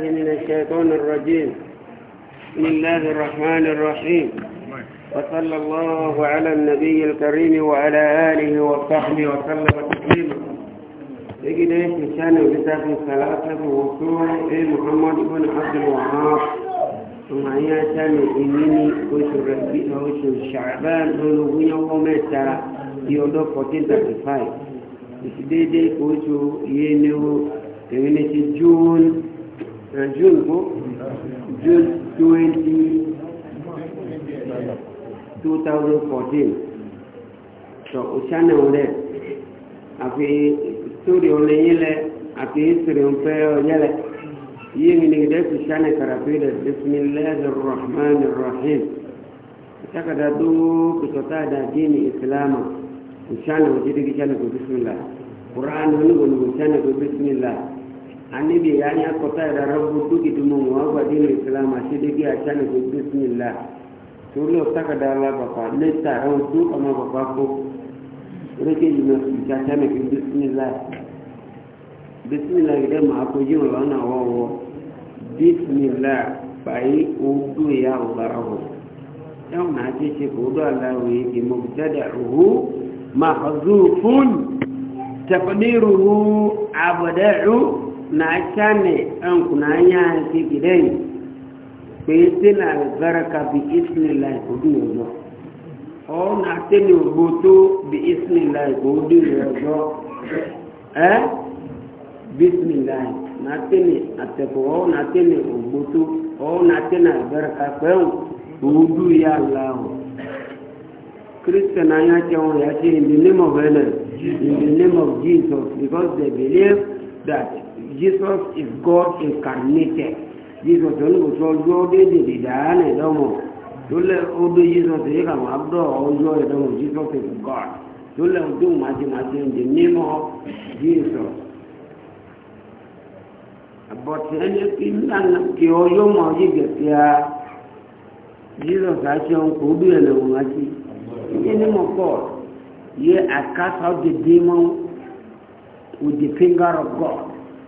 من الشيطان الرجيم بسم الله الرحمن الرحيم وصلى الله على النبي الكريم وعلى آله وصحبه وسلم تسليما لقد ايش كان كتاب ثلاثة ووصول اي محمد بن عبد الوهاب ثم هي كان إنني وش الربيع وش الشعبان ولغني يوم ترى يودو 1435 بس دي وش كنت ينو كمينة جون Eh, June ko June 20 2014 so uchane ule afi story ule ile afi history umpeo yele yingi nigide kushane karapide bismillahir rahmanir rahim taka da du kutota da dini Islam. kushane ujidi kishane ku bismillah Qur'an hunu kushane bismillah annabi ya ni akota da rabu duki dumun wa ba dinin islam shi da giya ta ne bismillah to lo taka da la ba fa ne ta ran du amma ba ba ko rike yi na su ta ta ne bismillah bismillah idan ma ko ji wa na wa wa bismillah bai o ya barahu yau na ce ce ko do Allah wa yake mubtada'uhu mahzufun taqdiruhu abda'u na n'acha ni nkụ na anya nke ike gịdị kpe na vera ka bi isni lai o du o nwụọ ọ na-ate ni ọgbọ otu bi isni lai e? o du ya ọzọ e bisi lai na-ate ni atepo ọ na-ate ni ọgbọ otu ọ hụ na-ate ni vera ka akpa ewu o ụdị ya ụlọ ahụ anya onye acha onwe ya achị in the name of henna in the name of jesus because they believe that. Jesus is God incarnated. Jesus ló ní kò sọ ọjọ́ déédé dìdá ní ìdánwò tó lẹ ó dé Jesus èyí kà máa dọ̀ ọjọ́ ìdánwò Jesus is God tó lẹ ojú màjèmàjè ń di mímọ́ Jesus. Àbọ̀tí ẹni ìlànà kí ọjọ́ mọ̀ ọjọ́ ìgbẹ̀sẹ̀ á Jesus àti ọkọ̀ ó bìrẹ̀ lẹ̀ wọ́n àti ìyẹn ní mọ̀ pọ̀ yẹ àkásá ó di dín mọ́ with the finger of God.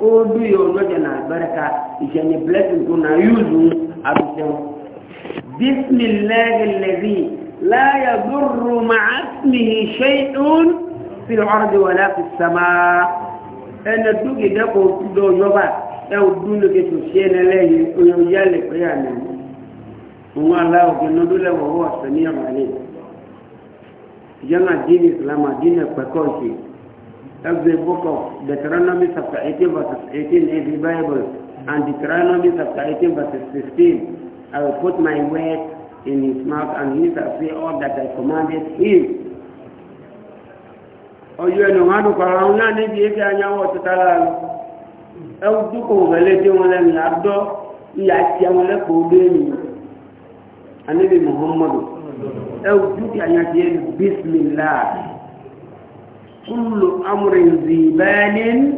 o du yo no je na baraka je ni blessing ko na yuzu abisen bismillahi alladhi la yadurru ma'a ismihi shay'un fil ardi wala fis samaa ena dugi da ko do yoba e o du lo ke to se na le o yo yale pe ya na mo ala o ke no du wo wa samiya mali yana dini islam dini pe ko shi the book of Deuteronomy chapter 18 verses 18 in the Bible and Deuteronomy chapter 18 verses 16. I will put my word in his mouth and he shall say all that I commanded him. Ojú ẹnu wọn dùn kọ̀ọ̀rọ̀ àwọn náà níbi èké anyáwó ọ̀tútà láàrú. Ẹwú dúkọ̀ òbẹ̀lẹ̀ tí wọn lẹ́nu àdọ́ ìyá tí àwọn lẹ́kọ̀ọ́ dé mi. Anábì Muhammadu. Ẹwú dúkọ̀ àyànjẹ́ bísmìláà. كل أمر ذي بال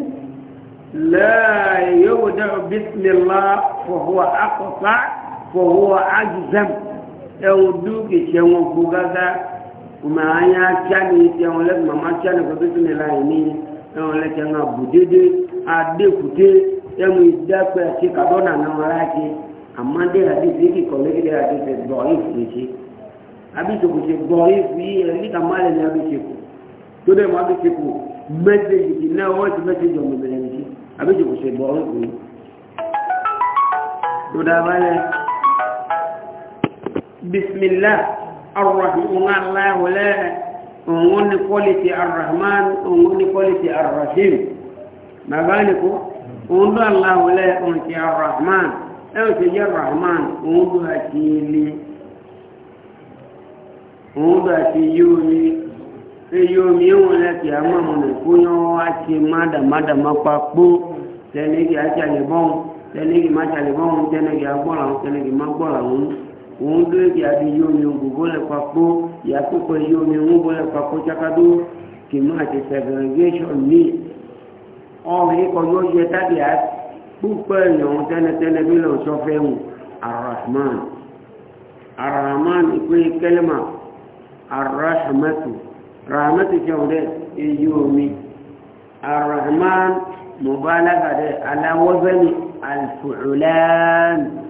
لا يودع بسم الله فهو أقصى فهو أجزم يودوك شمو بغدا وما أنا كاني يوم لك ما كان بسم الله ني يوم لك أنا بديد أديكوت يوم يدك كدونا نمراكي أما دي حديث يكي كولك دي حديث ضعيف يكي أبي تقول ضعيف يكي لك مالي نبي يكي tó dẹ̀ máa bí ṣe kù mẹ́sẹ̀jì ti náà wọ́n ti mẹ́sẹ̀jì ọmọ ìbẹ̀rẹ̀ nìyí àbíjì kò ṣe bọ̀ ọ́rùn kù tó dá báyẹn bisimilá arahmanláhùlẹ́ òun ní kọ́lìtì arahman òun ní kọ́lìtì arahim bàbá ni kú òun dọ́ aláhùlẹ́ òun ti arahman ẹ̀rọ ti jẹ́ arahman òun dọ́ àti ilé òun dọ́ àti yóò ní eyo miewo lɛ kia mɔ mo le ko nyɔ atsi maɖamaɖama kpakpo tɛnɛ kia atsi ale bɔn tɛnɛ kia ma atsi ale bɔn tɛnɛ kia gbɔ la ŋu tɛnɛ kia ma gbɔ la ŋu òun dó kia di yo mi gbogbo le kpakpo yakpekpe yo mi ŋu bo le kpakpo tsaka do kìmọ àti segregation ní ọrùn ikọ̀ yóò yẹ tàbí púpọ̀ èèyàn tẹ́nẹtẹ́nẹ bí lọ sọ fẹ́ hùn arahman arahman ìpé kẹlẹ́mà arahmatu rahmatu kyau da iyomi ar-rahman mubalaga da ala wazani al-fu'lan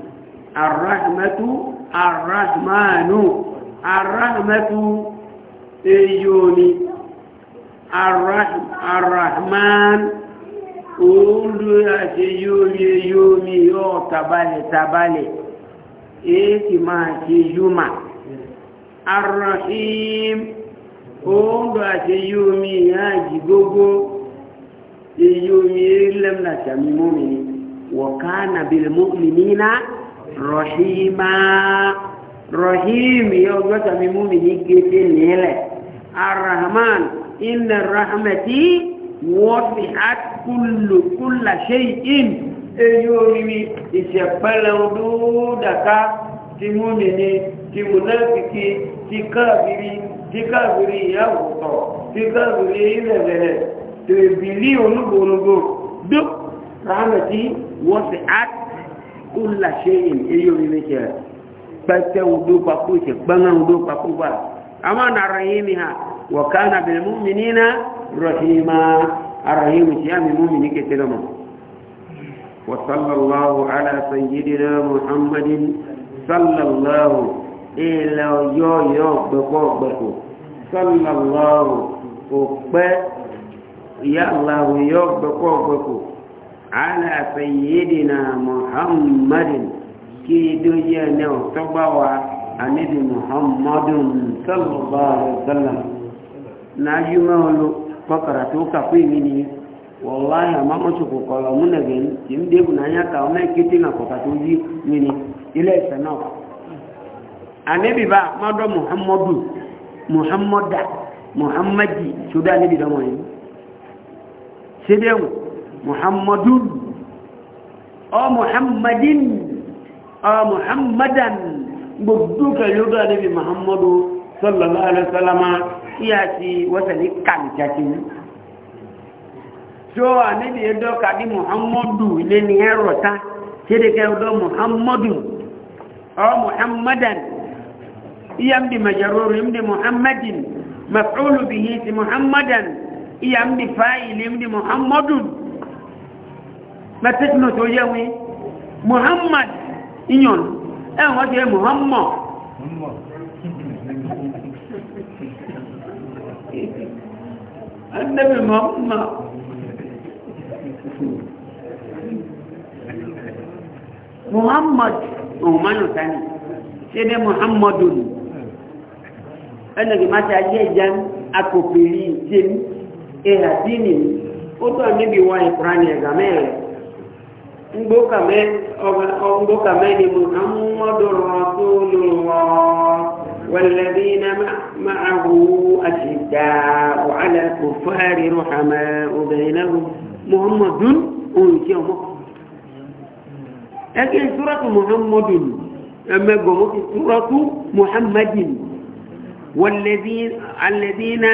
ar-rahmatu ar-rahmanu ar-rahmatu iyomi e ar-rahman oolu ase yomi e yomi yoo tabale tabale eeti ondo ati yomi yaji gogo yomi lam na chami mu'mini wa kana bil mu'minina rahima rahim yogo chami mu'mini gete nele arrahman inna rahmati wasi'at kullu kulla shay'in yomi mi isepala udu daka ti mu'mini ti munafiki ti kafiri tí káàkiri ìyàwó tọ̀ tí káàkiri ilẹ̀lẹ̀lẹ̀ tẹ̀bìlì onúgbònúgbò dó rámẹ̀tí wọ́n ti á kó làṣẹ èyí orí méjì pẹ́tẹ́ odó papò ìṣẹ̀ gbọ́ngàn odó papò wà àmọ́ nàrà yìí mi hà wọ̀ ká nàbẹ̀rẹ̀ mú وصلى الله على سيدنا محمد صلى الله عليه وسلم ilẹ̀ ọjọ́ yọ ọ̀gbẹ̀kọ̀ ọ̀gbẹ̀kọ̀ sọ́nàlọ́rù òpẹ́ yàlàrù yọ ọ̀gbẹ̀kọ̀ ọ̀gbẹ̀kọ̀ aláàfẹ́ yéèdìnà muhammadin kí dójú ẹni ọ̀tọ́gbà wa anibi muhammadun sallallahu alaihi wasallam na yi mawulu fakara tó kàfé mi ni wàláyà múnagẹ̀ ní ọmọ ìkété yí mi ni ilé ìfẹ́ náà anabi ba madɔ muhammadu muhammada muhammadi sodo anabi dɔ mɔnyi sedewu muhammadu ɔ muhammadin ɔ muhammadan gbogbo kɛlɛ dɔ anabi muhammadu sallallahu alaihi wa sallama iyaasi wasani kankyakin so anabi yɛ dɔ kadi muhammadu lɛ ni ɛrɔ ta sedeke dɔ muhammadu muhammadan. يمدي مجرور يمدي محمد مفعول به محمدا يمدي فاعل يمدي محمد ما تسمو تويوي محمد إنيون أه وجه محمد النبي محمد محمد ومن ثاني سيدي محمد ẹnìyàn máta ayé ẹ̀jẹ̀m akọ̀pẹ̀lì ìjẹm ẹ̀hà dínì ó tọ́ níbi wọn ìkura ní ẹ̀gà mẹ́rin ngbókà mẹ́rin mu amúmọ́dọ̀rọ̀ tó lòlọ́ والذين معه أشداء على الكفار رحماء بينهم محمد أولئك لكن سورة محمد أما قمت سورة محمد والذين الذين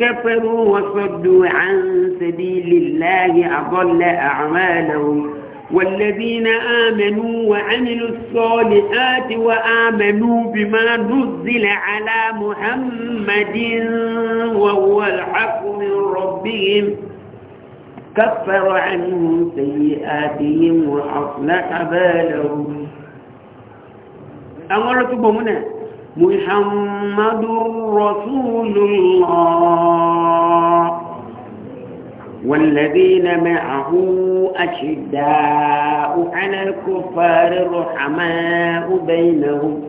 كفروا وصدوا عن سبيل الله أضل أعمالهم والذين آمنوا وعملوا الصالحات وآمنوا بما نزل على محمد وهو الحق من ربهم كفر عنهم سيئاتهم وأصلح بالهم أمرت بمنا محمد رسول الله والذين معه أشداء على الكفار رحماء بينهم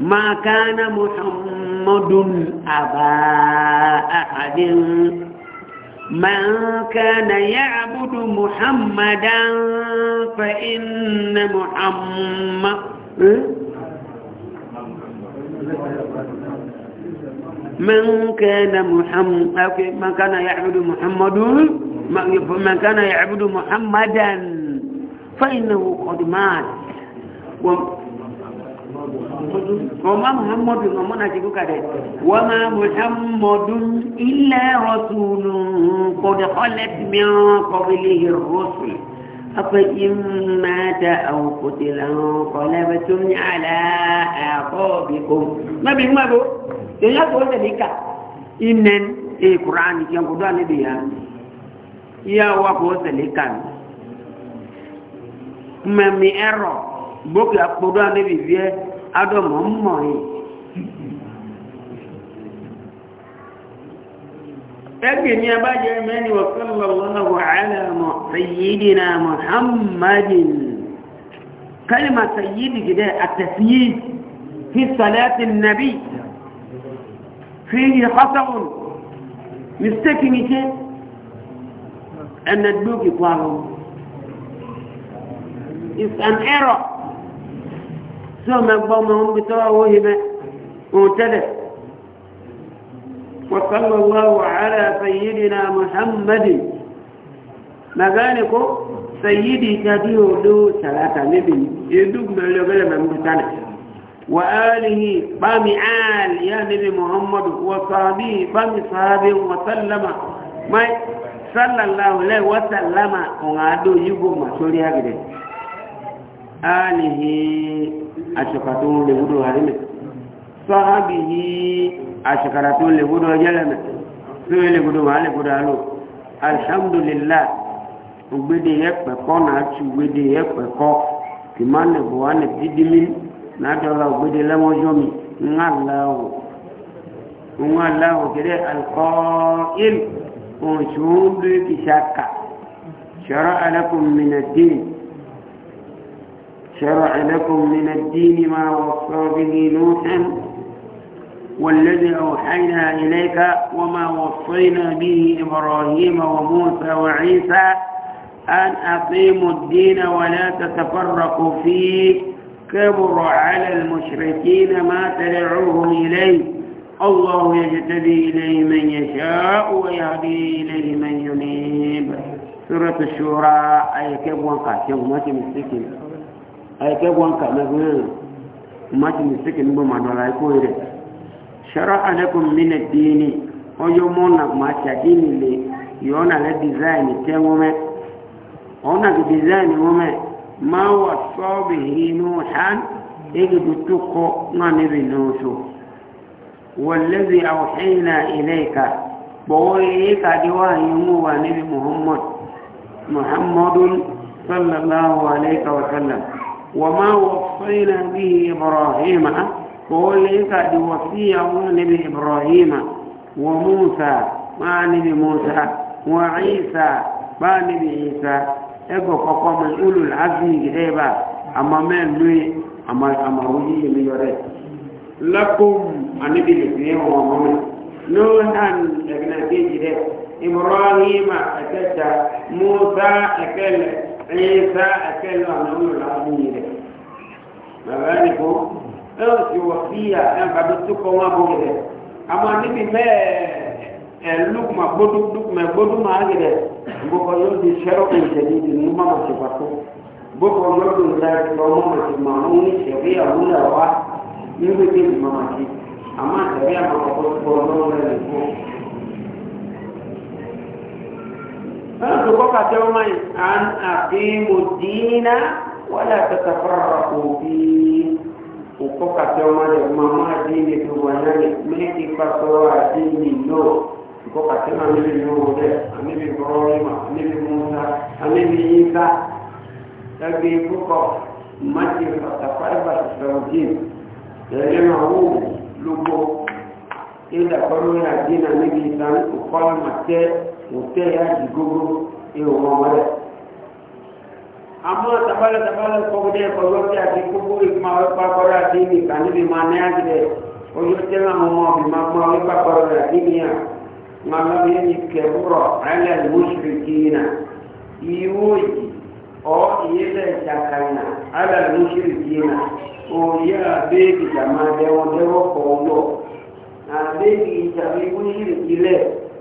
ما كان محمد أبا أحد من كان يعبد محمدا فإن محمد من كان محمد أوكي من كان يعبد محمد من كان يعبد محمدا فإنه قد مات ọmọ muhammadu ọmọ náà ti kú kàdé wọ́n máa muhammadu ilẹ̀ rọ̀tùnù kò dé kọ́lẹ̀ mìíràn kọ́bílì rọ̀tùn أفإن مات أو قتل انقلبتم على أعقابكم ما بيهم أبو إلا قول ذلك إنن القرآن ينقضوا نبيا يا وقول ذلك mẹ̀mí ẹ̀rọ gbókè àpòdó ànẹ́bì bí adọ́ mọ̀ ń mọ̀ yìí ẹgbẹ̀ ni a bá jẹ́ mẹ́ni wà sallallahu ala sayyidina muhammadin kalima sayyidi gida a tafiye fi salatin nabi fi yi hasarun mistake ni ce ẹnna dókì kwaro is an error tí ọmọ ẹgbọ́ ọmọ ń bi tọ́wọ́ owó yìí mẹ́ òun tẹ́lẹ̀ wàkàlù wàhùn ààrẹ fẹ̀yìdì náà muhammadin magani ko fẹ̀yìdì tàbí olú tàlátà níbi ìdúgbòmọ̀lẹ́ ọgọ́lẹ̀ mẹ́mú tánà wa alihi bami al ya nabi muhammad wa sahbi bami sahabi wa sallama mai sallallahu alaihi wa sallama on ado yugo ma sori agide alihi aṣọ̀kà tó ń lè wúdò àrímẹ̀ sọ́hábì yìí aṣọ̀kàrà tó ń lè wúdò ọjẹ́lẹ̀mẹ̀ tó ń lè wúdò wà lè wúdò àlò alhamdulilá ògbédè ẹ̀pẹ̀ kọ́ náà tù ògbédè ẹ̀pẹ̀ kọ́ kì má lè bọ̀ wá lè dídí mi ògbédè lẹ́mọ́jọ́ mi ńlá láwò ńlá láwò kéde alkọ́ il òṣùwọ̀n lóye ṣọ́rọ́ alákùnrin mìíràn شرع لكم من الدين ما وصى به نوحا والذي أوحينا إليك وما وصينا به إبراهيم وموسى وعيسى أن أقيموا الدين ولا تتفرقوا فيه كبر على المشركين ما تدعوهم إليه الله يجتبي إليه من يشاء ويهدي إليه من ينيب سورة الشورى أي كبوة قاسية ما تمسكين ayike wanka na zuwa mati misiki nibo madola iko ire shara alaikum min ad-dini oyo mona ma cha dini le yona le design tengome ona ki design ngome ma wa sabihi nuhan ege dutuko na ne binuso والذي أوحينا إليك بوئيك دواء يمو نبي محمد محمد صلى الله عليه وسلم وما وصينا به إبراهيم قول إنك دي وصية نبي إبراهيم وموسى ما نبي موسى وعيسى ما نبي عيسى ego koko ma ulul azmi gideba ama men lui ama ama wuyi mi yore lakum anibi le biye wa mama no nan egna ke gide ibrahima akata musa akala عيسى أكل أنه العظيم مبانك أنت وفيها أن قبلتك وما بغيره أما نبي ما اللقمة بدو لقمة بدو ما أغيره بقى يلدي شرق شديد نما ما شفاكو بقى يلدي ذلك وما ما شفاكوني شريع هنا واحد يبدي ما ما شفاكو أما شريع ما قبلتك وما بغيره náà tó kọ́ kàtẹ́ ọmọ yìí an àfihàn dínà wọ́lá tẹ̀sàfàrà òbí òkọ́ kàtẹ́ ọmọ yìí ọmọ máa dín ní tó wà náà ní méjì pàtó àdín ní náà òkọ́ kàtẹ́ náà níbi yòówó dẹ́ níbi bọ́ọ̀lìmà níbi mọ́tà níbi yíká ẹgbẹ́ púpọ̀ májì pàtàkàrà sọ̀rọ̀dín ẹ̀rẹ́ náà wò lóko ìdàkọ́lóyà dínà níbi ìtàn òkọ́ màtẹ́ òtẹ́ láti gógó ihò wọn wọlé àmọ́ tabalẹ̀ tabalẹ̀ kọ́kúndé ọjọ́ tí a ti gbogbo ìgbìmọ̀ àwọn ìpàkọ́rọ̀ àti ìmì kan níbi máa ní àjẹlẹ̀ ojú tí àwọn ọmọ ọ̀bì máa gbọ́ àwọn ìpàkọ́rọ̀ àti ìmì hàn wọn lọ bí ẹni kẹwúrọ̀ ayẹlẹ̀ ní mùsùlùmí kìínà ìwò yìí ọ ìyẹlẹ̀ ìjàkànnà ayẹlẹ̀ ní mùsùlùmí kìínà òye àbẹ́ẹ̀bì jàmáà dẹ́wọ́ dẹ́wọ́ kọ̀ọ̀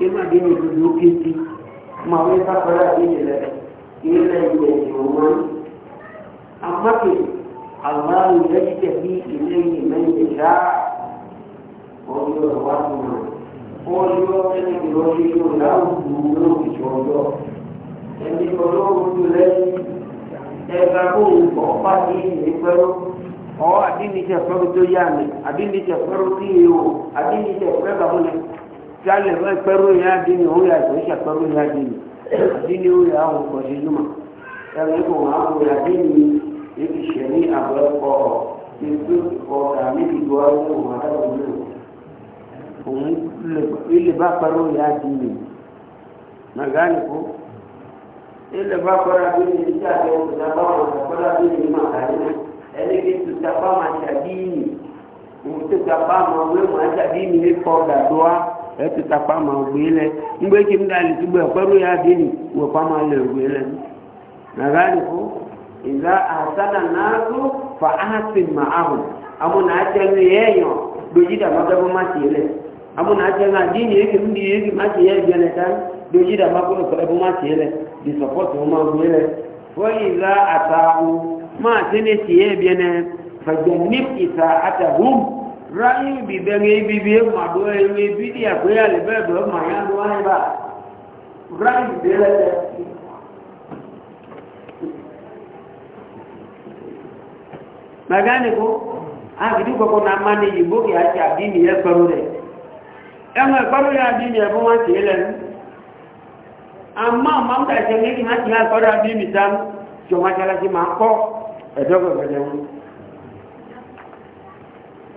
ima dini duduk inti maweza kwa dini la ila yajua amma ke Allah yajtabi ilayhi man yasha wa huwa rahman oyo ene kiroshi yo la udulo kichoyo ene koro udule ega ku ko pa ni pero o adini je fero to yami adini je fero ti yo adini je sálẹ̀ fẹ́ pẹ́rú ìyá dínì òun yà ìfẹ́ ṣàpẹ́rú ìyá dínì dínì òun yà àwọn ọkọ̀ ṣe jùmọ̀ ẹ̀rọ kò wọ́n àwọn ìyá dínì èkì ṣẹ̀ ní àbọ̀ ẹ̀kọ́ ètò ọ̀gá méjì gbọ́ ọ̀rọ̀ òun àtàwọn òun ilé bá pẹ́rú ìyá dínì màgáàlì kó ilé bá pẹ́rú ìyá dínì ní sàkẹ́ òkúta bá wọn pẹ́rú ìyá dínì ní màgáàlì ẹni kí tuta bá wọn ṣàdínì òun ẹtùtà pàmà ògbé lẹ ńgbé kí n dà lè túbọ̀ ẹ̀pẹ́rú ya dé nì wò pàmà lè ògbé lẹ nàrà nìkú ìdá àtàdà náà tó fà á sì mà áhùn àmọ́ nà á jẹ́ ní ẹ̀yàn dojú dàmọ́ kẹ́kọ́ má ti lẹ̀ àmọ́ nà á jẹ́ ní àdínì má má di má ní ráyìn ìbìbẹ̀ ní ibibi màdó ẹni bídí àgbéyàlè bẹ́ẹ̀ bẹ́ẹ̀ mà yá ló wáyé bá ráyìn ìbìbẹ̀ lẹ́tẹ̀. na àgídí kọ̀kọ́ náà má ní ìbò kì á ti àdínì ya pẹ̀lú rẹ̀ ẹ̀wọ̀n ìpẹ́lú yẹ àdínì ẹ̀fọ́ wọn ti lẹ̀ àmọ́ àmọ́ àmúta ìṣẹ́ méjì má ti hàn kọ́dọ̀ àdínì sáà jọmọ́ṣáláṣí máa kọ́ ẹ̀dọ́gbẹ̀gbẹ̀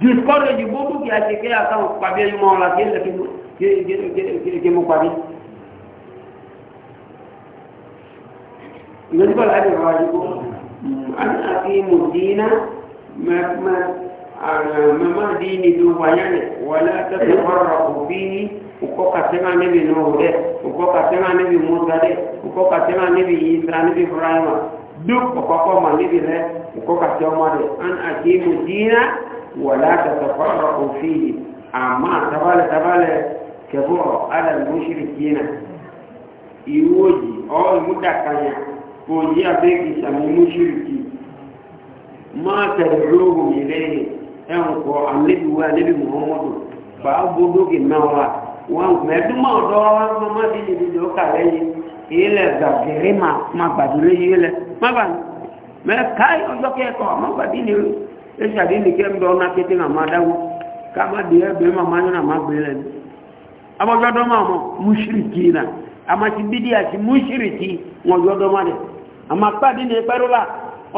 discourage gbogbo kí a ṣe kí a sáwọn pàdé mọ́ ọ̀la kí ẹ̀lẹ́ kí mú pàdé ìgbẹ́síkọ̀ láti rọ̀ àdúgbò àti mùdínà mẹ́mà dínì ló wáyánì wọlé tẹ́tẹ́ fọ́rọ̀ òbí ní ukọ́ kàtẹ́mà uko nùhù rẹ̀ ukọ́ kàtẹ́mà níbi musa rẹ̀ ukọ́ kàtẹ́mà níbi yisra níbi ibrahima duk ọ̀kọ́kọ́ mà níbi rẹ̀ ukọ́ kàtẹ́mà rẹ̀ an àti mùdínà ولا تتفرقوا فيه أما تبالي تبالي كبر على المشركين يوجي أو المدكنة وجي أبيك سمي مشركي ما تدعوهم إليه أنكو النبي ونبي محمد فأبدوك النوى وأنكو مدما دوا ما دي يدوك عليه ilẹ̀ zàgẹ̀rẹ̀ ma gbàdúrà yìí lẹ̀ má bàa mẹ káyọ̀ ọjọ́ kẹ́kọ̀ọ́ má gbàdúrà yìí lẹ̀. ẹsẹ adi ni kẹm dọ na kété na ma k'ama di ẹbẹ ma ma nyọ na ma gbé lẹ abọjọ dọ ma mọ musiriki na ama ti bidi ati musiriki ŋɔjọ dọ ma dẹ ama kpadi ni ekpẹrẹ la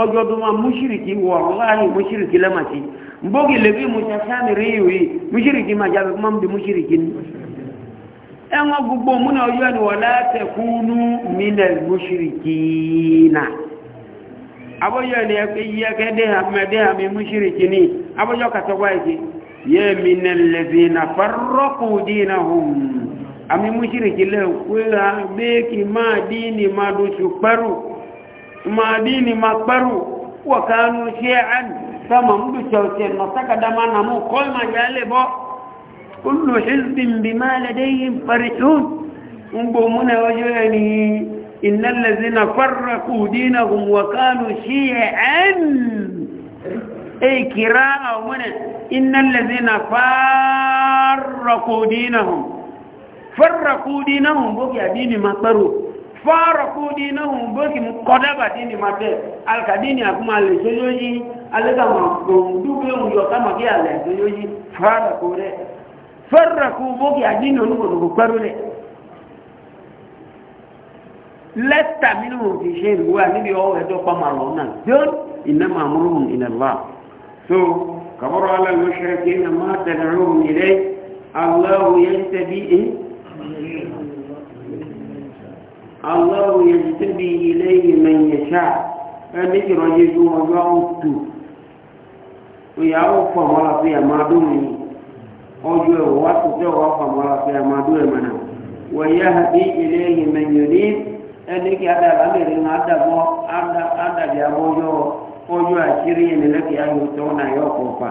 ọjọ dọ ma musiriki wọ ọláyé musiriki lẹ ma ti nbọgi lebi musa sani ri yi ma jaabi kuma mu di musiriki ni ẹŋọ e gbogbo mu na ọjọ ni wọlé tẹkunu minẹ musiriki na. aboyo ni e yake deha madeha mi mushiriki ni aboyo katogwaiki ye min alladhina farraqu dinahum ami mushiriki le kwela beki ma dini ma duchu paru ma dini ma paru wa kanu shi'an kama mdu chauche nataka damana mu kolma ladayhim farihun mbo muna wajoyani إن الذين فرقوا دينهم وكانوا شيعا أي كراء من إن الذين فرقوا دينهم فرقوا دينهم بوكي ديني ما تروا فرقوا دينهم بوكي مقدبة ديني ما تروا ألك ديني أكما لسيوجي ألك ما دوبهم يوكما كي على سيوجي فرقوا دي فرقوا بوكي ديني ونقضوا كبروا lẹ́tà mínú òfin ṣe ìlú wa níbi ọwọ́ ẹjọ́ pàmò àlọ́ náà jọ́n iná máa múrùn ilẹ̀ lọ. so kàbọ̀rọ̀ aláwọ̀ ṣe kí ni máa tẹ̀lé rúùn ilẹ̀ aláwọ̀ yẹn tẹ̀bí ẹ́ aláwọ̀ yẹn tẹ̀bí ilẹ̀ ìmẹ̀yẹ̀ṣà ẹni ìrọ̀yẹ̀ ju ọjọ́ òtù ìyàwó fọmọlá fi àmàdùn mi ọjọ́ ẹ̀wọ̀ wá tó tẹ́wọ̀ fọmọlá fi àmàdùn ẹ̀mọ̀nà wọ̀nyẹ́ àbí ẹni kí adàbà mèrè ń adàbọ̀ adàbí abọ́jọ́ ojú àṣírí yẹn lẹ́kì ayò tó ń ayọ́ kó pa.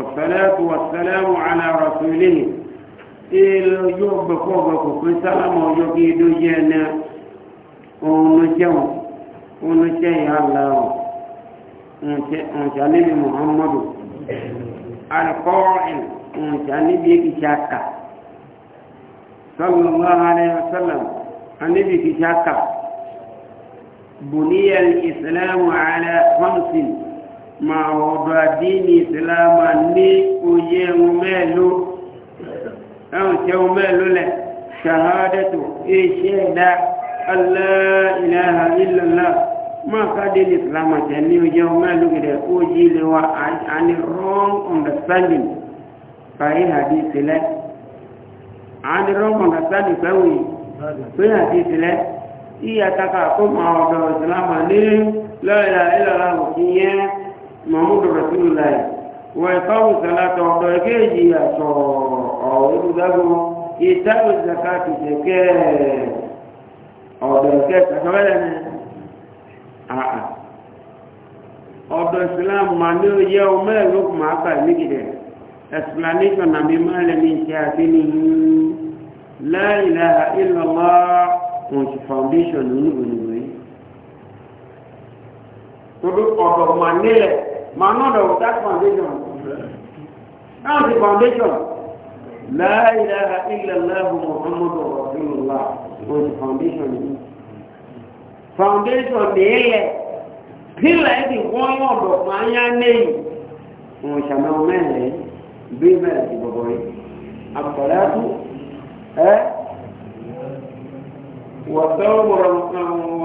ọ̀sẹ̀lẹ́kù ọ̀sẹ̀lẹ́mù alárọ̀sọ̀lẹ́ ilé ojú ọgbẹ̀kọ̀ ọgbẹ̀kọ̀ pé sálámù ọjọ́ kí idó jẹ́ ẹ̀nà òun jẹun òun jẹyìn aláwọ̀ òǹṣà níbi muhammadu alkọ́ọ̀ìn òǹṣà níbi ìṣàkà sọ́gbọ̀n wàhálà ẹ̀yọ́ sọ́lọ́mù. النبي في شاكا بني الإسلام على خمس ما هو دين إسلام ني ويوم مالو أو يوم مالو له شهادة إشهادة أن لا إله إلا الله ما قد الإسلام جني يوم مالو كده أوجي لوا عن wrong understanding فهي حديث له عن wrong understanding فهي pé àti ìtìlẹ́ tí àtàkà kó mọ ọ̀dọ̀ ìsìlámà ní lọ́ọ̀lá ìlọ́lá òkè yẹn mọ̀múdù rẹ̀sílù láì wọ ìfáwù sàlátọ̀ ọ̀dọ̀ ẹgbẹ́jì àtọ̀ ọ̀rọ̀dúgbàgbọ́ ìtàwù zaka ti tẹ̀kẹ́ ọ̀dọ̀ ẹ̀kẹ́ kàkọ́lẹ̀ ní àà ọ̀dọ̀ ìsìlámà máa ní oyé ọmọ ẹ̀lú kùmà ápà ìmíkìdẹ̀ explanation àmì máa lẹ́ni ìṣẹ́ àti nìyí la ilaha illallah wọn ti foundation onígbònígbò yìí torí ọ̀dọ̀ mà nílẹ̀ mà nọ́dọ̀ that foundation náà ti foundation la ilaha illallah muhammadu rasulullah wọn ti foundation yìí foundation nílẹ̀ pílà ẹ̀ ti wọ́n yọ̀ ọ̀dọ̀ mà ń yá lẹ́yìn wọn ṣàmẹ́wọ́n mẹ́rin bí mẹ́rin ti bọ̀bọ̀ yìí ها رمضان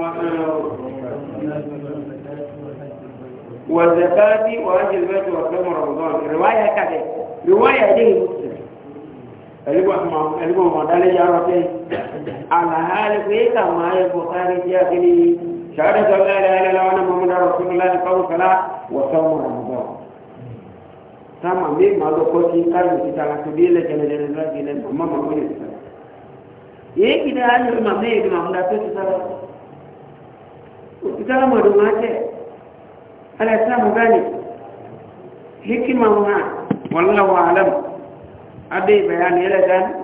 وزكاة وأهل البيت وصوم رمضان رواية كذا رواية دي مسلم ألبوا ما دالي جارتي على حال فيك ما البخاري فيها كني شهادة الله لا إله إلا الله محمد رسول الله قول صلاة وصوم رمضان تمام ما دو كوتي قال في تلاتبيل جل جلاله إلى محمد محمد yeye kida aje mama yeye mamda pesa sawa ukitaka mwalimu wake anasema gani hikima mwa wallahu aalam ade bayani ile gani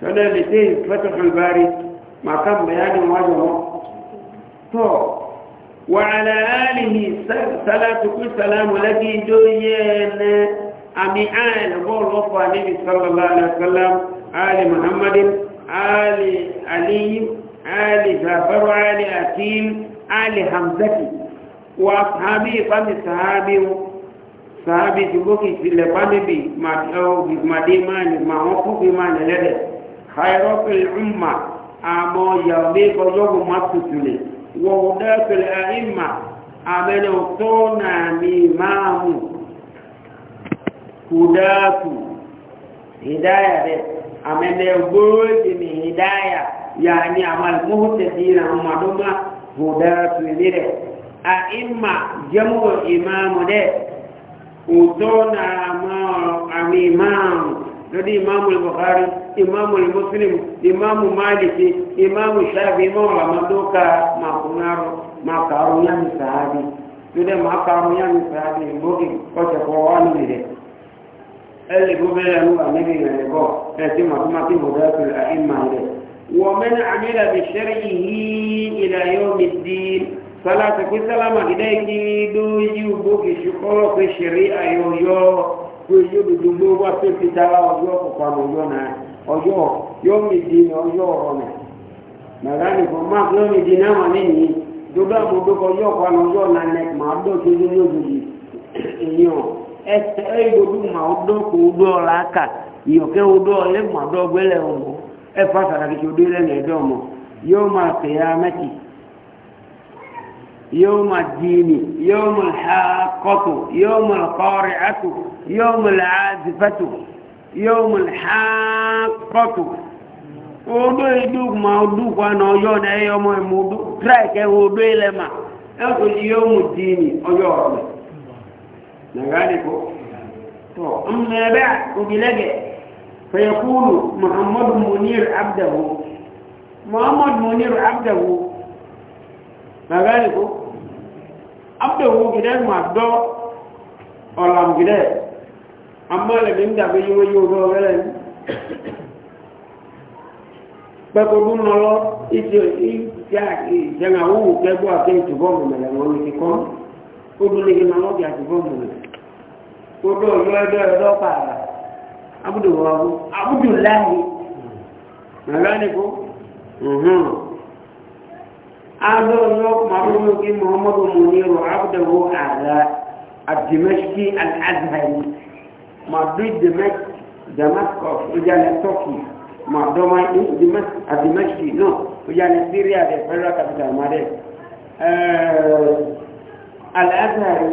sana lisei fatahul bari makam bayani mwazo to وعلى آله صلاة كل سلام الذي جوين أمي آل قول وفا النبي صلى الله عليه وسلم آل محمد آل علي آل جعفر وآل أكيم آل حمزة وأصحابه فم الصحابي صحابي تبوكي في لبابي ما أو ما ديمان ما هو في ما نلده خير الأمة أمو يومي كيوم ما تسلي وهداة الأئمة أمنوا تونا ميماه هداة هداية ده amene goji ni hidaya yani amal muhtadina umaduma hudatu lile aima jamu imamu de utona ma amimam lodi imamu al-bukhari imamu al-muslim imamu maliki imamu shafi imamu maduka makunaru makarunya misahabi lode makarunya misahabi mbogi kote kwa wanu اللي هو بينه النبي لنبوه لكن ما في مضاف الأئمة إليه ومن عمل بشرعه إلى يوم الدين فلا تكون سلامة إليك دوجي وبوك شكرا في الشريعة يويو كيو بدمو وفي الكتابة ويو فقام ويونا ويو يوم الدين ويو رمي مغاني فما يوم الدين أما مني دوبا مدوك ويو فقام ويونا نك ما عبدو كيو يوم الدين ẹsẹ ẹyọdún ma ọdọ kò ọdọ ọdọ ọlẹ mọ ọdọ ọmọ ẹfọ tí ọdọ ẹdọ ọmọ ha ha ọdọ ma ọdọ kwa na ọjọ náà ẹyọ ọmọ ẹmọ ọdọ tíráìkẹ ọdọ na gane ko to in na ba ubilage fa yaqulu muhammad munir abdahu muhammad munir abdahu na gane ko abdahu gidan ma do olam gidan amma le bin da be yo yo do gele pe ko dun no lo iti i ja i ja na u ke bo ake ti bo mo le won ko ko dun le na lo ja bo mo kódó ìlú ẹgbẹ́ ọ̀dọ́ pààlà abúdùwọ̀wọ́ abúdùláhì nàlá nìkú ǹhún adó yọ màbúrú kí muhammadu muniru abúdùwọ̀ àlá àdìmẹ́sìkì àdìmẹ́sìkì madrid damascus ojàlẹ̀ turkey madoma àdìmẹ́sìkì náà ojàlẹ̀ syria the federal capital madrid ẹ̀ẹ́ alẹ́ azhari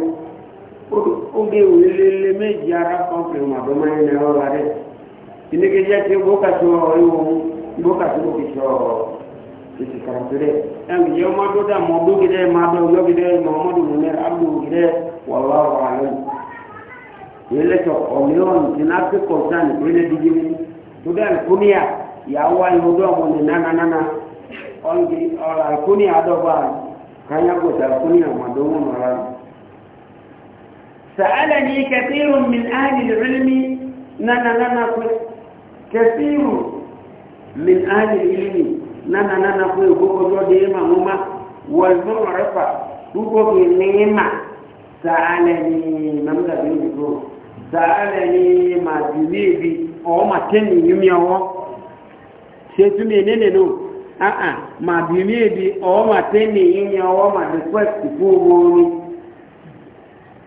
oge wele méjì ara kọ́pẹ̀ màdọ́mọ́ yẹn lẹ́rọ la dẹ̀ ìdíkejì ẹtì bókàtí ọ̀rọ̀ ìwò bókàtí bókàtí ọ̀rọ̀ ètò kàràtì dẹ̀ ẹnì yẹn wọ́n tó dà mọ́ dókè dẹ̀ má dọ̀ yọ́kè dẹ̀ mọ́mọ́dù mọ́mẹ́ abdulkè dẹ̀ wàlá wàlẹ́ yẹn lẹ́tọ̀ ọ̀mílíọ̀nù tí náà fi ya nìkan lé dídí mi tó dẹ̀ kúníyà yàwó ayọ̀ dọ̀ mọ́ ní nánánánà ọ̀nà kúníyà dọ̀ bá kányà kọ̀ọ̀tà kúníyà màdọ́mọ́ mọ́ra. سألني كثير من أهل العلم نانا نانا كثير من أهل العلم نانا نانا كوي بوكو ديما مما والمعرفة بوكو نيما سألني مملا بيوكو سألني ما بيبي أو ما تني يمي أو سيتمي نيني نو آآ آه آه. ما بيبي أو ما تني يمي أو ما بيكوست فوق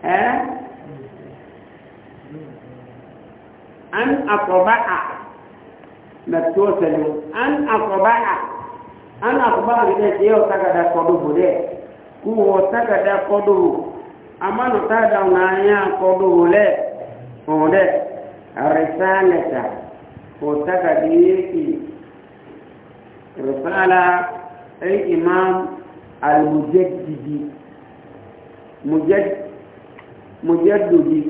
ها an akọbaha na tosalo an akọbaha an akọbaha bi dɛ tiɛ o tagada kɔdubu dɛ k'u wɔ tagada kɔdubu a ma nɔ taa da ŋa an y'a kɔdubu lɛ o dɛ arisalata o tagadi yeki risala ay imam almujaddidi mujaddidi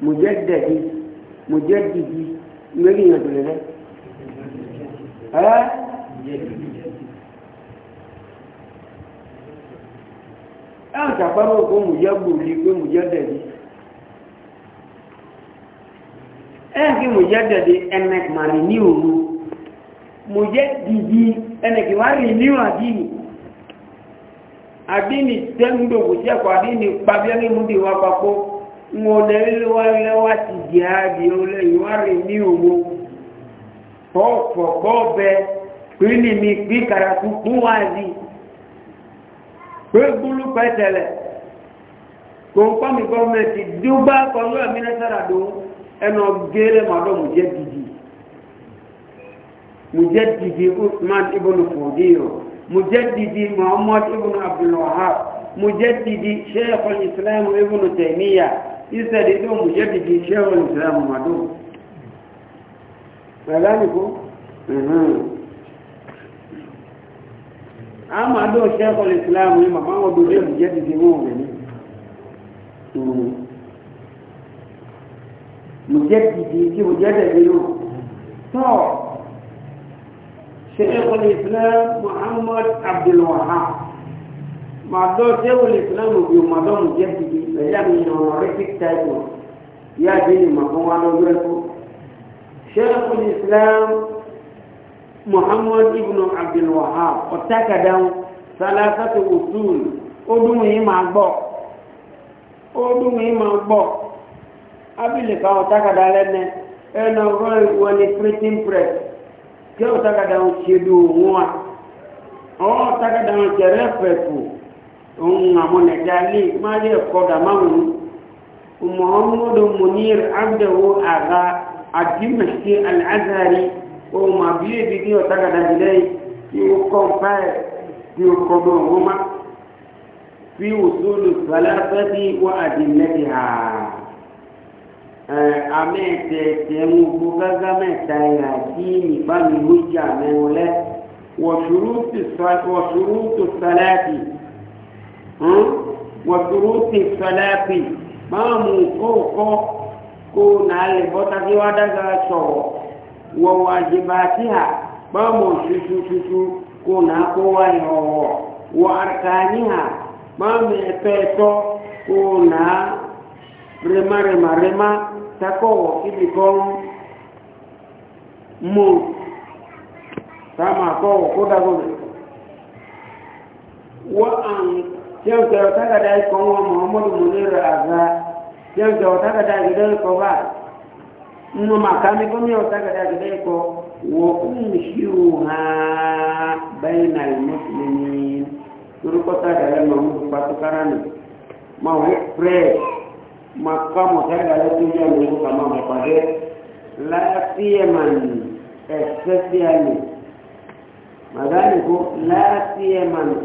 mujaddidi mo jẹ́ dìbì méjì yàn tó lè rẹ́ ẹ́ ẹ́ àtàkpàmọ́ kó mo jẹ́ gbòòlì pé mo jẹ́ dẹ̀bi ẹ́ kí mo jẹ́ dẹ̀bi ẹnẹ́ màrí ní òru mo jẹ́ dìbì ẹnẹ́ kí wá rí ní àdínì àdínì di wá papọ̀ mọ̀lẹ́lẹ́wà ti jẹ́ àdì olè ìwárí ní owó ọ̀pọ̀pọ̀ bẹ pínlẹ̀ mi pí kàràkù fún wá sí pé gúlù pẹ́tẹ̀lẹ̀ kò ń pàmì gọ́ọ̀mẹ̀tì dúbá pọ̀lú ẹ̀mínẹ́sàràdó ẹnà gẹ́rẹ́ màdọ́ mù jẹ́ dìdì mù jẹ́ dìdì usman ibn fòdíyọ mù jẹ́ dìdì muhammad ibn abdulwahab mù jẹ́ dìdì sheikh al-islam ibn taymiyyah ìsẹ̀dì tó mú jẹ́ kìkì iṣẹ́ olùsìlámù màdó pẹ̀lá nìkó a máa dó iṣẹ́ olùsìlámù ní màmá wọn dó jẹ́ jẹ́ kìkì wọn rẹ̀ ní mú jẹ́ kìkì kí mú jẹ́ tẹ̀lé lò tọ́ ṣe olùsìlámù muhammad abdulwahab màdọ́ sẹ́wọ̀n ìsìlámù bí o màdọ́ mu jẹ́ ti di pẹ̀lú àmì honorific title yá di ni mà fún wa lọ́jọ́ muhammad ibn abdulwahab ọ̀tàkàdáhùn sálásàtò òtún ó dùn yín máa gbọ́ ó dùn yín máa gbọ́ abilika ọ̀tàkàdá lẹ́nẹ̀ e e ni printing press kí ọ̀tàkàdáhùn ṣe dùn òun wa ọ̀tàkàdáhùn ṣe òun àwọn nàìjíríà má lè kọ́dà máwùn muhammadu munir abdawo àga àdìmọ̀sí al'azari ohun àbíyè bíbí ọ̀tàgàdà jìlẹ̀ tí ó kọ́ báyẹ̀ tí ó kọ́ bọ̀ wọ́n má fi òṣòlù falafẹ́tì wọ́n àdìmẹ́tì hà àmẹ́tẹ̀ẹ̀tẹ̀ ń gbó gágá mẹ́ta ìhà tí ìbámi hujja mẹ́rin lẹ́ wọ̀ṣùrù tó sàlẹ́tì wọ̀túrú ti fẹ́lẹ́ pì máa mú kóòkọ́ kó náà lè bọ́ta kí wá dága sọ̀rọ̀ wọ̀wọ̀ àjẹbà tí à bá mọ̀ ṣuṣuṣuṣu kó náà kó wá ìhọ̀wọ̀ wọ̀ àrkàní à máa mú ẹ̀fẹ́ ẹ̀tọ́ kó náà rẹmárẹmárẹmá takọ̀wọ̀ kíbi kan mú táwọn àkọ́wọ̀ kó dágọ́dọ̀ wọ́n à siyam ta ta ga dai ko mo muhammadu munir aga siyam ta ta ga dai dai ko ba mu ma ka mi ko mi ta ga dai dai ko wa umshiruha bainal muslimin duru ko ta ga le mo ba to karani ma wo pray ma ka mo ta ga le tu ya mo ka ma ma pa de la siyaman especially magani ko la siyaman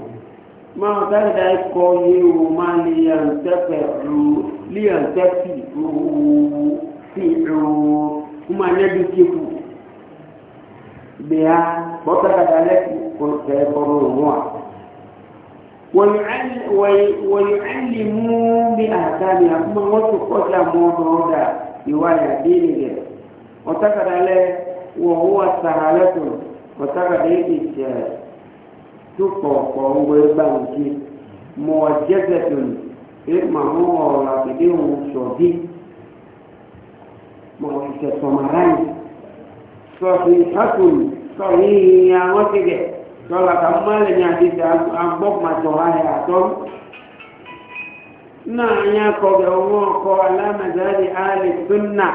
máa dáadáa ikọ̀ yìí o máa lè yàǹtẹ́fẹ̀ ru líyàǹtẹ́fì ooo sí ooo kó máa nẹ́bí kéfù bẹ́ẹ̀ bọ́tàkàtà lẹ́kì kọ̀ọ̀tẹ̀ kọ̀ọ̀rọ̀ òun à. wọ̀nyẹ̀ẹ́lìmú bí àtàlì àkúmọ̀ wọ́n ti kọ́jà mọ́ ọ̀dà ìwà yàdé nìyẹn ọ̀tàkàtà lẹ́ wọ̀ wọ́n sàrà lẹ́kùn ọ̀tàkàtà yìí ti jẹ́ tukpɔkpɔ ŋgɔ egba ŋuti mɔ ọ ema mɔ ɔla kete ŋu sɔdi mɔ sɛ sɔmaran sɔsi hatun sɔyi aŋɔ tigɛ sɔla ka mma le nya ti ta agbɔ ha yɛ atɔ na anya ali sunna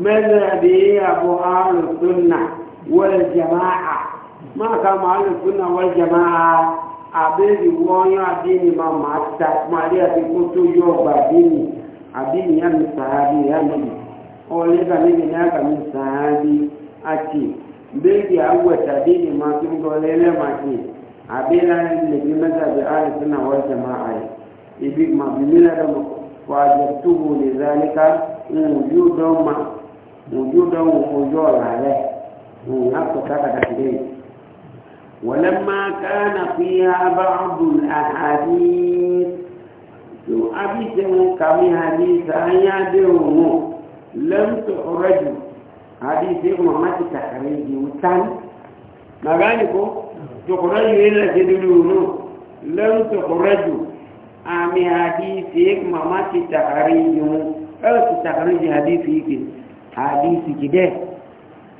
mɛlɛ sunna máa ká máa lè fúnà wọ́n jẹ̀má àbẹ́rì wọ́n yán àdínì máa máa ta máa rí àdínkù tó yọ ọgbà àdínì àdínì yá mi sàábì yá mi ọ̀lẹ́ kàmíbi náà kàmí sàábì àti bẹ́ẹ̀dì àwọ̀tà àdínì máa tó ń dọ̀lẹ́ lẹ́màtì àbẹ́rẹ́ lẹ́bí mẹ́ta bẹ́ẹ̀ á lè fúnà wọ́n jẹ̀má àyè ibi màbìmí lẹ́dọ̀ mọ̀ wà á jẹ túbú lè zálíkà ń ojú dán mà ojú dán òfojú ọ̀là rẹ̀ ń yàtọ̀ sákàtà lẹ́yìn. ولما كان فيها بعض الأحاديث تؤبسه كم حديث أيادهم لم تخرج حديثهم ما تخرج وكان ما قالكم تخرج إلا تدلونه لم تخرج أمي حديثك ما تخرج أو تخرج حديثك حديثك ده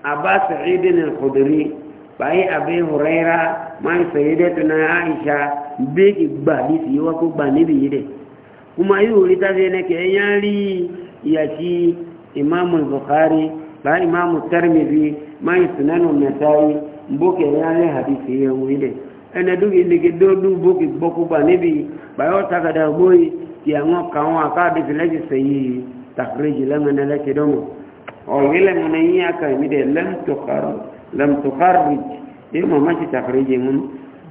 أبا سعيد الخدري báyé àbí hùrẹ́ra máa ń fẹ̀yẹ́dẹ́ tó náà àìṣà bí ìgbà ní fi wá kó gbà níbi yìí dẹ̀ kuma yóò rí tàbí ẹnẹ́kẹ̀ ẹ̀yà rí ìyàtí imamu bukhari bá imamu tarmidi máa ń sinanu mẹ́tàrí bókè ẹ̀yà rí àdìsí ẹ̀wọ̀n yìí dẹ̀ ẹnẹ́dúgbì nìkẹ́ dódú bókè gbọ́kú gbà níbi báyọ̀ takadà gbóyè kí àwọn kàwọn àkáàdìsí lẹ́sẹ̀ sẹ́yìn tàkìrìjì lẹ́mọ̀nẹ́lẹ́sẹ̀ dọ́mọ̀ ọ̀rẹ́lẹ́mọ̀nẹ́yìn لم تخرج إما ما تخرجهم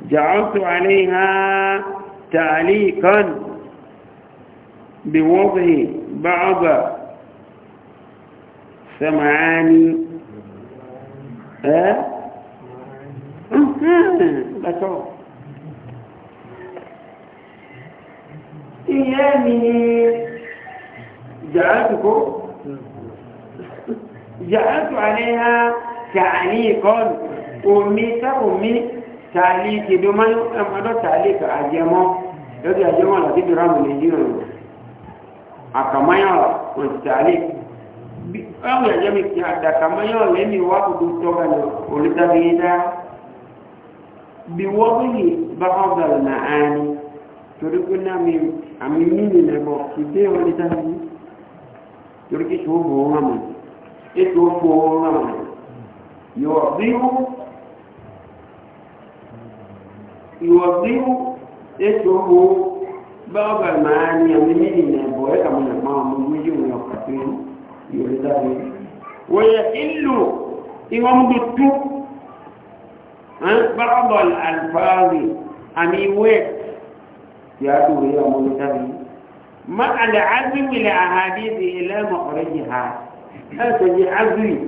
جعلت عليها تعليقا بوضع بعض سمعاني ها لا شعور إيامه جعلتكم جعلت عليها تعليق أمي تأمي تعليق دوما أمدو تعليق أجمو يدي أجمو لكي درام لجيرو أكما يولا والتعليق أو يجمي كياتا كما يولا لمي واقو دوتوغا ولتا بيدا بوضعه بعض المعاني تركنا من أمينين المقصدين ولتا بيدا تركي شوفوا هما من إيه شوفوا هما من يوضيء يتوه بعض المعاني من بويك من الماء من وجه ويقفين يريدان ويحل إمام دتو بعض الألفاظ أميوات يأتوا هي مولدان مع العزم الأحاديث إلى مخرجها لا تجي عزم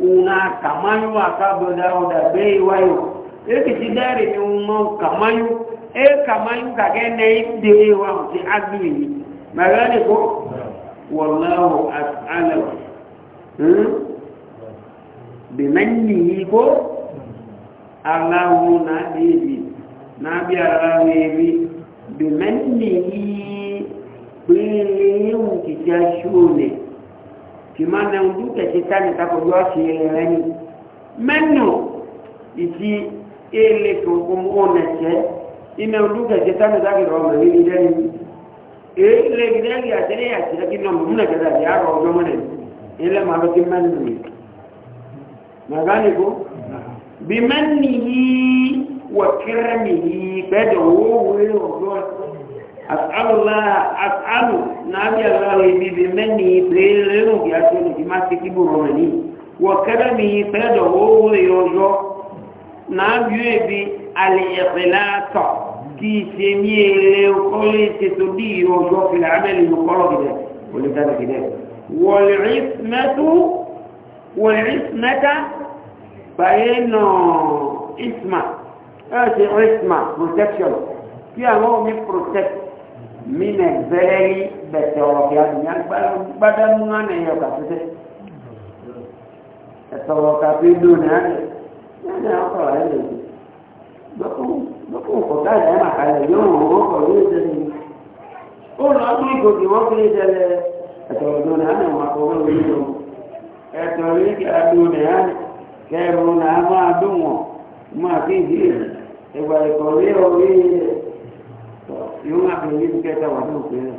una kamayu akabo dauda bei wayo ekitidari ni uma kamayu e kamayu kagende ide wa ti agbi magani ko wallahu as'ala hmm bimanni ko allahu na bibi na bi allahu bibi bimanni bi lewu kijashune kìmá na ojú kẹ̀kẹ́ sáni tako bí wọ́n ṣe ilẹ̀ rẹ ni mẹ́nu ìdí èlé kankan ọ̀nà ṣẹ́ ìmẹ̀ ojú kẹ̀kẹ́ sáni tako rọ ọmọ yìí dẹ́ni èlé gidẹ́gì àtẹ́lẹ́ àtẹ́lẹ́ kí nọmọ múnà kẹta àti àrọ ọjọ́ mọ́nà ilẹ̀ máa lọ sí mẹ́nu rẹ̀ màgánì bí mẹ́nu yìí wọ̀ kẹrẹ́mì yìí pẹ́ẹ́dọ̀ owó wọlé ọ̀dọ́ as'alullah as'alu nabi allah ibi bi meni brelenu ya tunu bi ma ti kiburo ni wa karami pedo wo yoyo nabi ibi al ikhlas ki semie le kole se to di yoyo fi al amal muqarrab bi wal dana kide wal ismatu wal ismata bayno isma ase isma protection ki àwọn mi protect mine zeleli betɔwɔkia dunya gbadamu ane yɔ kapete etɔwɔ kapi do ne ane ne yɔ kɔ la ele dɔkɔ dɔkɔ kɔta yɛ ma ka le yɔ wo kɔ yɔ ete ne o lɔ akpli godi wɔ kple ete le etɔwɔ do ne ane ma kɔ wɔ yi do etɔwɔ yi ke ado ne ane ke mo na ama do ŋɔ mo afi yi egba ekɔli yɔ yi. يوم أحنا نجيب كده وعدوه كده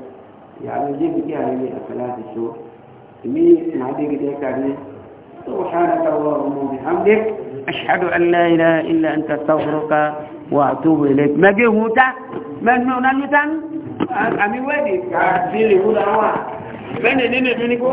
يعني نجيب كده يعني ثلاث شهور مين ما عندي كده كده سبحانك اللهم وبحمدك أشهد أن لا إله إلا أنت أستغفرك وأتوب إليك ما جه موتا من نونا نتان أمي ودي كافيلي هوتا ما بين نيني تونيكو